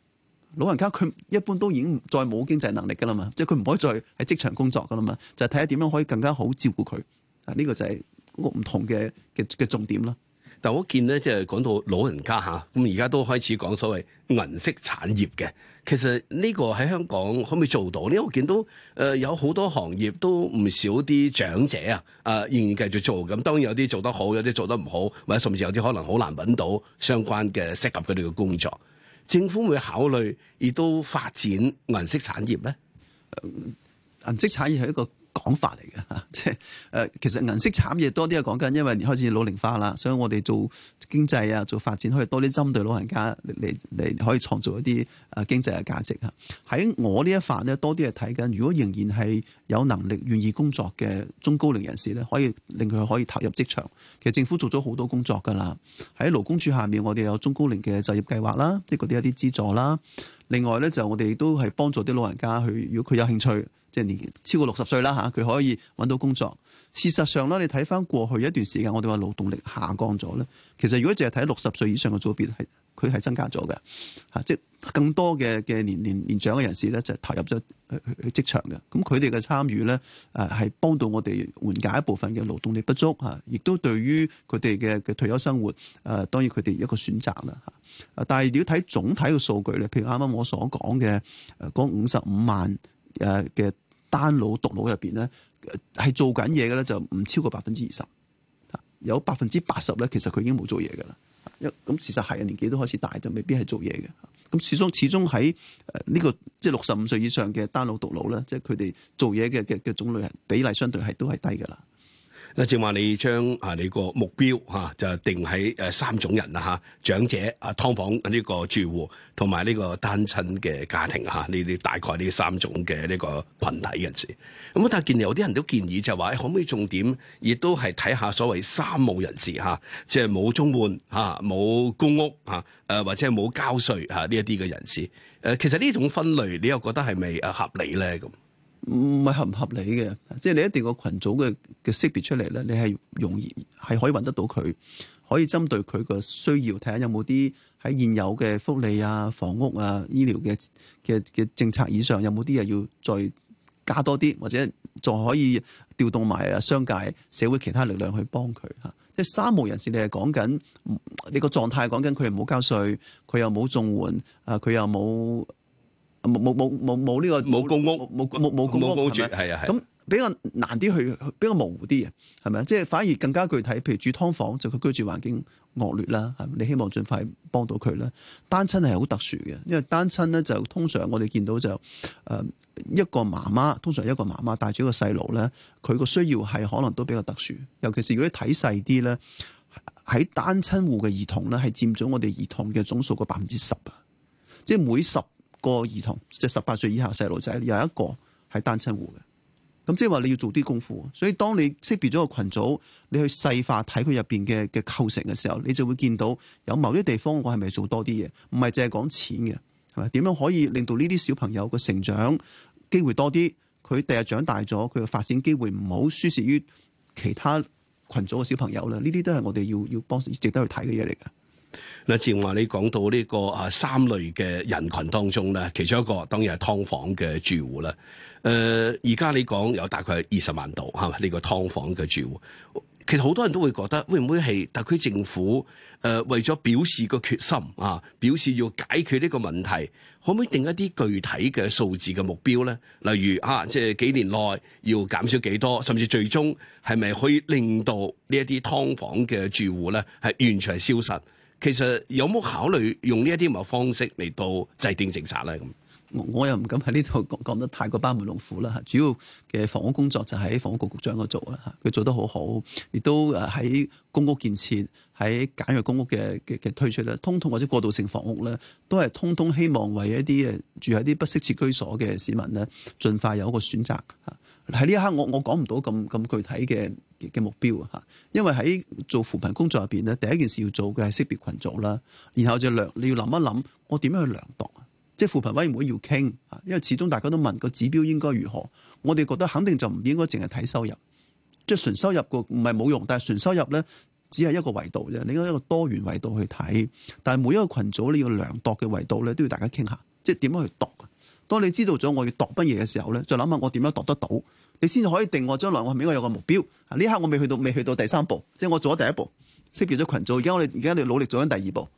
[SPEAKER 1] 老人家佢一般都已經再冇經濟能力噶啦嘛，即係佢唔可以再喺職場工作噶啦嘛，就睇下點樣可以更加好照顧佢啊！呢、這個就係個唔同嘅嘅嘅重點啦。
[SPEAKER 2] 但我見咧，即係講到老人家嚇，咁而家都開始講所謂銀色產業嘅，其實呢個喺香港可唔可以做到呢？我見到誒有好多行業都唔少啲長者啊，啊、呃、仍然繼續做，咁當然有啲做得好，有啲做得唔好，或者甚至有啲可能好難揾到相關嘅適合佢哋嘅工作。政府會考慮，亦都發展銀色產業呢。銀色產業係一個。講法嚟
[SPEAKER 1] 嘅，即係誒，其實銀色產業多啲係講緊，因為開始老齡化啦，所以我哋做經濟啊，做發展可以多啲針對老人家嚟嚟，可以創造一啲誒經濟嘅價值啊。喺我呢一範呢，多啲係睇緊，如果仍然係有能力願意工作嘅中高齡人士咧，可以令佢可以投入職場。其實政府做咗好多工作噶啦，喺勞工處下面，我哋有中高齡嘅就業計劃啦，即係嗰啲一啲資助啦。另外咧，就我哋亦都係幫助啲老人家去，如果佢有興趣，即係年超過六十歲啦吓，佢可以揾到工作。事實上咧，你睇翻過去一段時間，我哋話勞動力下降咗咧，其實如果淨係睇六十歲以上嘅組別係佢係增加咗嘅，嚇，即係更多嘅嘅年年年長嘅人士咧，就係投入咗去去職場嘅。咁佢哋嘅參與咧，誒係幫到我哋緩解一部分嘅勞動力不足嚇，亦都對於佢哋嘅嘅退休生活誒，當然佢哋一個選擇啦嚇。但係如要睇總體嘅數據咧，譬如啱啱我所講嘅，誒嗰五十五萬誒嘅單老獨老入邊咧，係做緊嘢嘅咧，就唔超過百分之二十，有百分之八十咧，其實佢已經冇做嘢嘅啦。一咁事實係啊，年紀都開始大就未必係做嘢嘅。咁始終始終喺呢個即係六十五歲以上嘅單老獨老咧，即係佢哋做嘢嘅嘅嘅種類係比例相對係都係低㗎啦。
[SPEAKER 2] 嗱，正話你將啊你個目標嚇就定喺誒三種人啦嚇，長者啊、劏房呢個住戶，同埋呢個單親嘅家庭嚇，呢啲大概呢三種嘅呢個群體人士。咁但係近年有啲人都建議就係話，可唔可以重點亦都係睇下所謂三冇人士嚇，即係冇綜援嚇、冇公屋嚇、誒或者係冇交稅嚇呢一啲嘅人士。誒，其實呢種分類你又覺得係咪啊合理咧咁？
[SPEAKER 1] 唔係合唔合理嘅，即係你一定個群組嘅嘅識別出嚟咧，你係容易係可以揾得到佢，可以針對佢個需要，睇下有冇啲喺現有嘅福利啊、房屋啊、醫療嘅嘅嘅政策以上，有冇啲嘢要再加多啲，或者仲可以調動埋啊商界、社會其他力量去幫佢吓。即係三無人士，你係講緊你個狀態是說他沒有，講緊佢哋冇交稅，佢又冇綜援啊，佢又冇。冇冇冇冇冇，呢個冇公屋，冇冇冇公屋。係啊，係咁比較難啲去，比較模糊啲啊，係咪啊？即係反而更加具體，譬如住劏房就佢居住環境惡劣啦。係你希望盡快幫到佢啦？單親係好特殊嘅，因為單親咧就通常我哋見到就誒、呃、一個媽媽，通常一個媽媽帶住一個細路咧，佢個需要係可能都比較特殊，尤其是如果你睇細啲咧，喺單親戶嘅兒童咧係佔咗我哋兒童嘅總數嘅百分之十啊，即係每十。一個兒童即係十八歲以下細路仔，有一個係單親戶嘅，咁即係話你要做啲功夫。所以當你識別咗個群組，你去細化睇佢入邊嘅嘅構成嘅時候，你就會見到有某啲地方我係咪做多啲嘢？唔係淨係講錢嘅，係咪？點樣可以令到呢啲小朋友嘅成長機會多啲？佢第日長大咗，佢嘅發展機會唔好輸蝕於其他群組嘅小朋友啦。呢啲都係我哋要要幫，值得去睇
[SPEAKER 2] 嘅嘢嚟嘅。嗱，正話你講到呢個啊三類嘅人群當中咧，其中一個當然係劏房嘅住戶啦。誒、呃，而家你講有大概二十萬度，吓，呢個㓥房嘅住戶，其實好多人都會覺得會唔會係特區政府誒、呃、為咗表示個決心啊，表示要解決呢個問題，可唔可以定一啲具體嘅數字嘅目標咧？例如、啊、即係幾年內要減少幾多，甚至最終係咪可以令到呢一啲劏房嘅住戶咧係完全消失？其實有冇考慮用呢一啲咁嘅方式嚟到制定政策咧？咁，
[SPEAKER 1] 我我又唔敢喺呢度講講得太過班門弄斧啦。吓，主要嘅房屋工作就喺房屋局局長嗰度做啦。吓，佢做得好好，亦都喺公屋建設、喺簡約公屋嘅嘅嘅推出咧，通通或者過渡性房屋咧，都係通通希望為一啲誒住喺啲不適切居所嘅市民咧，盡快有一個選擇。吓，喺呢一刻我我講唔到咁咁具體嘅。嘅目標啊，嚇！因為喺做扶貧工作入邊，咧，第一件事要做嘅係識別群組啦，然後就量，你要諗一諗，我點樣去量度啊？即係扶貧委員會要傾啊，因為始終大家都問個指標應該如何，我哋覺得肯定就唔應該淨係睇收入，即係純收入個唔係冇用，但係純收入咧只係一個維度啫，你應該一個多元維度去睇。但係每一個群組你要量度嘅維度咧，都要大家傾下，即係點樣去度？當你知道咗我要度乜嘢嘅時候咧，就諗下我點樣度得到？你先可以定，我將來我係咪應該有個目標。呢刻我未去到，未去到第三步，即係我做咗第一步，識別咗群組。而家我哋而家
[SPEAKER 2] 我哋努力做緊第二步。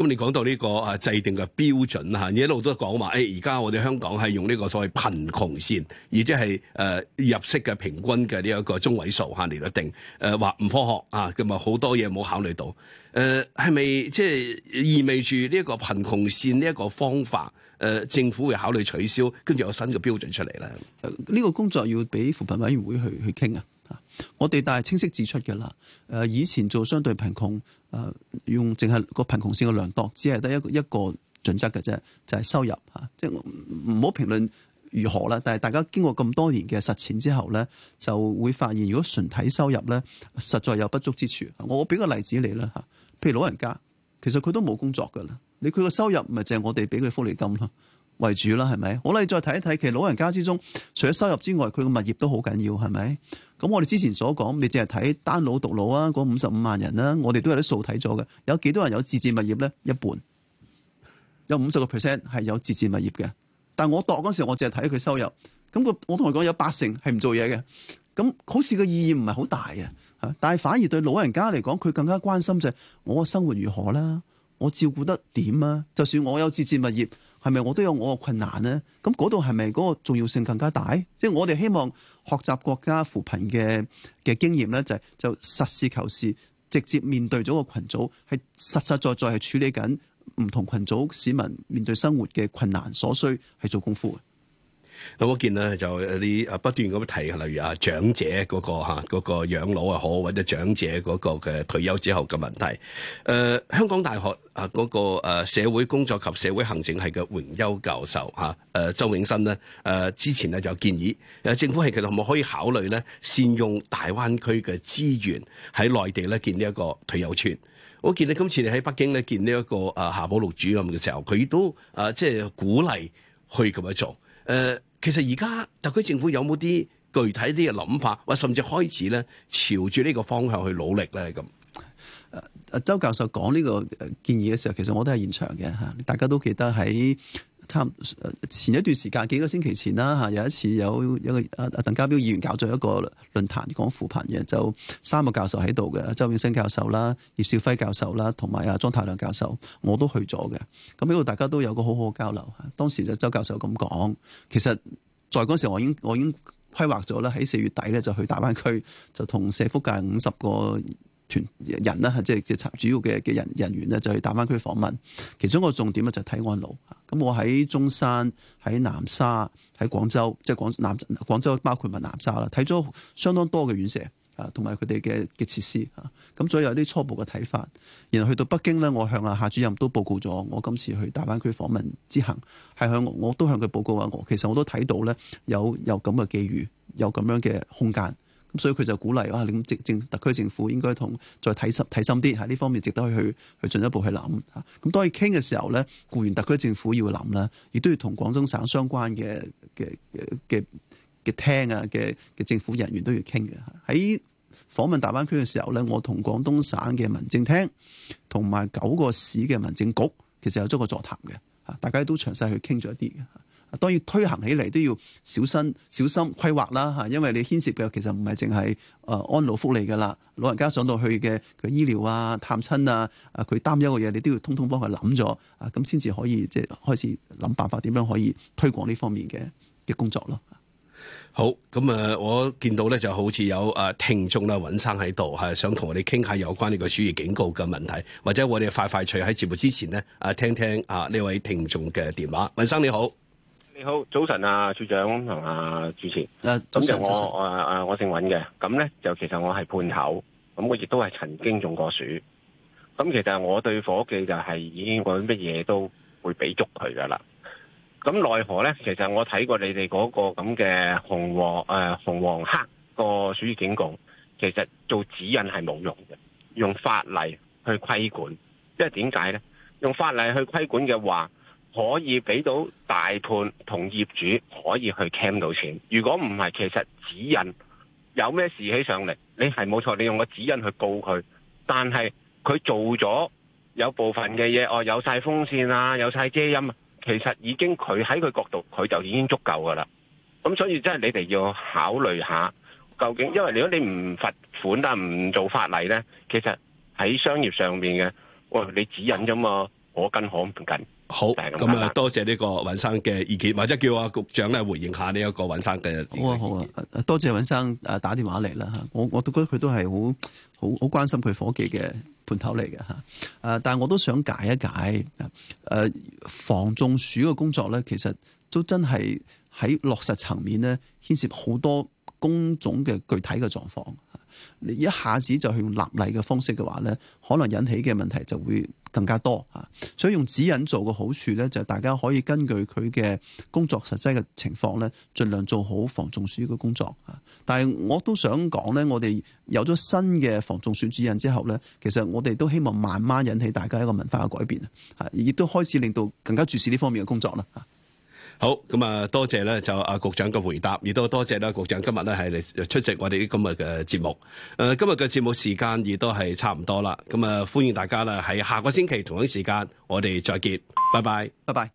[SPEAKER 2] 咁你講到呢個誒制定嘅標準吓，一路都講話誒，而、哎、家我哋香港係用呢個所謂貧窮線，亦即係誒入息嘅平均嘅呢一個中位數吓嚟到定誒，話、呃、唔科學啊，咁啊好多嘢冇考慮到誒，係咪即係意味住呢一個貧窮線呢一個方法誒、呃，政府會考慮取消，跟住有新嘅標準出嚟咧？呢、
[SPEAKER 1] 這個工作要俾扶貧委員會去去傾啊？我哋但係清晰指出嘅啦，誒，以前做相對貧窮誒，用淨係個貧窮線嘅量度，只係得一一個準則嘅啫，就係、是、收入吓，即係唔好評論如何啦。但係大家經過咁多年嘅實踐之後咧，就會發現如果純體收入咧實在有不足之處，我俾個例子你啦吓，譬如老人家其實佢都冇工作噶啦，你佢個收入咪就係我哋俾佢福利金咯為主啦，係咪？好啦，你再睇一睇，其實老人家之中除咗收入之外，佢個物業都好緊要，係咪？咁我哋之前所講，你淨係睇單老獨老啊，嗰五十五萬人啦，我哋都有啲數睇咗嘅。有幾多人有自置物業咧？一半有五十個 percent 係有自置物業嘅。但我度嗰時候，我淨係睇佢收入。咁個我同佢講有八成係唔做嘢嘅。咁好似個意義唔係好大啊吓。但係反而對老人家嚟講，佢更加關心就係我嘅生活如何啦，我照顧得點啊。就算我有自置物業。係咪我都有我個困難呢？咁嗰度係咪嗰個重要性更加大？即、就、係、是、我哋希望學習國家扶貧嘅嘅經驗咧、就是，就就實事求是，直接面對咗個群組，係實實在在係處理緊唔同群組市民面對生活嘅困難所需，係做功夫嘅。
[SPEAKER 2] 我見咧就有啲啊不斷咁提，例如啊長者嗰、嗰個嚇嗰、嗰個養老啊好，或者長者嗰個嘅退休之後嘅問題。誒、呃、香港大學啊嗰個社會工作及社會行政系嘅榮休教授嚇誒、呃、周永新咧誒之前咧就建議，誒政府係其實可唔可以考慮咧善用大灣區嘅資源喺內地咧建呢一個退休村？我見咧今次你喺北京咧見呢一個啊夏寶路主任嘅時候，佢都啊即係鼓勵去咁樣做誒。呃其實而家特區政府有冇啲具體啲嘅諗法，或甚至開始咧朝住呢個方向去努力咧咁？阿、呃、
[SPEAKER 1] 周教授講呢個建議嘅時候，其實我都係現場嘅，大家都記得喺。前一段時間，幾個星期前啦嚇，有一次有，有一個啊鄧家彪議員搞咗一個論壇講扶貧嘅，就三個教授喺度嘅，周永生教授啦、葉兆輝教授啦，同埋啊莊太亮教授，我都去咗嘅。咁呢度大家都有個好好嘅交流。當時就周教授咁講，其實在嗰時我已經我已經規劃咗啦，喺四月底咧就去大灣區，就同社福界五十個。人咧，即係即係主要嘅嘅人人員咧，就去大灣區訪問。其中個重點咧就係睇安老。咁我喺中山、喺南沙、喺廣州，即係廣南廣州包括埋南沙啦，睇咗相當多嘅院舍啊，同埋佢哋嘅嘅設施啊。咁所以有啲初步嘅睇法。然後去到北京咧，我向啊夏主任都報告咗我今次去大灣區訪問之行，係向我都向佢報告話。我其實我都睇到咧，有有咁嘅機遇，有咁樣嘅空間。咁所以佢就鼓勵哇，你咁政政特區政府應該同再睇深睇深啲吓呢方面，值得去去進一步去諗吓。咁當佢傾嘅時候咧，固然特區政府要諗啦，亦都要同廣東省相關嘅嘅嘅嘅廳啊嘅嘅政府人員都要傾嘅。喺訪問大灣區嘅時候咧，我同廣東省嘅民政廳同埋九個市嘅民政局，其實有咗個座談嘅吓，大家都詳細去傾咗一啲嘅。當然推行起嚟都要小心、小心規劃啦嚇，因為你牽涉嘅其實唔係淨係誒安老福利噶啦，老人家上到去嘅佢醫療啊、探親啊，啊佢擔憂嘅嘢，你都要通通幫佢諗咗啊，咁先至可以即係開始諗辦法點樣可以推廣呢方面嘅嘅工作咯。
[SPEAKER 2] 好，咁啊，我見到咧就好似有啊聽眾啦，尹生喺度嚇，想同我哋傾下有關呢個暑熱警告嘅問題，或者我哋快快趣喺節目之前呢，啊，聽聽啊呢位聽眾嘅電話，尹
[SPEAKER 3] 生你好。你好，早晨啊，處長同啊主持。咁、啊、就我我，我，我姓尹嘅。咁咧就其實我係判頭，咁我亦都係曾經中過暑。咁其實我對伙計就係已經講乜嘢都會俾捉佢噶啦。咁奈何咧？其實我睇過你哋嗰個咁嘅紅黃誒、呃、紅黃黑個暑警告，其實做指引係冇用嘅。用法例去規管，即係點解咧？用法例去規管嘅話。可以俾到大判同業主可以去 claim 到錢。如果唔係，其實指引有咩事起上嚟，你係冇錯，你用個指引去告佢。但係佢做咗有部分嘅嘢，哦，有晒風扇啊，有晒遮陰，其實已經佢喺佢角度，佢就已經足夠噶啦。咁所以真係你哋要考慮下究竟，因為如果你唔罰款啦，唔做法例呢，其實喺商業上面嘅，喂、哎，你指引啫嘛，我跟可唔跟。好，咁啊，多
[SPEAKER 2] 謝呢個尹生嘅意見，或者叫阿局長咧回應下呢一個尹生嘅意見。好啊，好啊，
[SPEAKER 1] 多謝尹生啊打電話嚟啦吓，我我覺得佢都係好好好關心佢伙計嘅判頭嚟嘅吓。誒、啊，但係我都想解一解誒、啊，防中暑嘅工作咧，其實都真係喺落實層面咧，牽涉好多工種嘅具體嘅狀況。你一下子就用立例嘅方式嘅話咧，可能引起嘅問題就會。更加多啊，所以用指引做嘅好處咧，就係大家可以根據佢嘅工作實際嘅情況咧，盡量做好防中暑嘅工作啊。但係我都想講咧，我哋有咗新嘅防中暑指引之後咧，其實我哋都希望慢慢引起大家一個文化嘅改變啊，亦都開始令到更加注視呢方面嘅工作啦。
[SPEAKER 2] 好，咁啊多謝咧就阿局長嘅回答，亦都多謝咧局長今日咧係嚟出席我哋今日嘅節目。誒，今日嘅節目時間亦都係差唔多啦，咁啊歡迎大家啦，喺下個星期同樣時間我哋再見，拜拜，拜拜。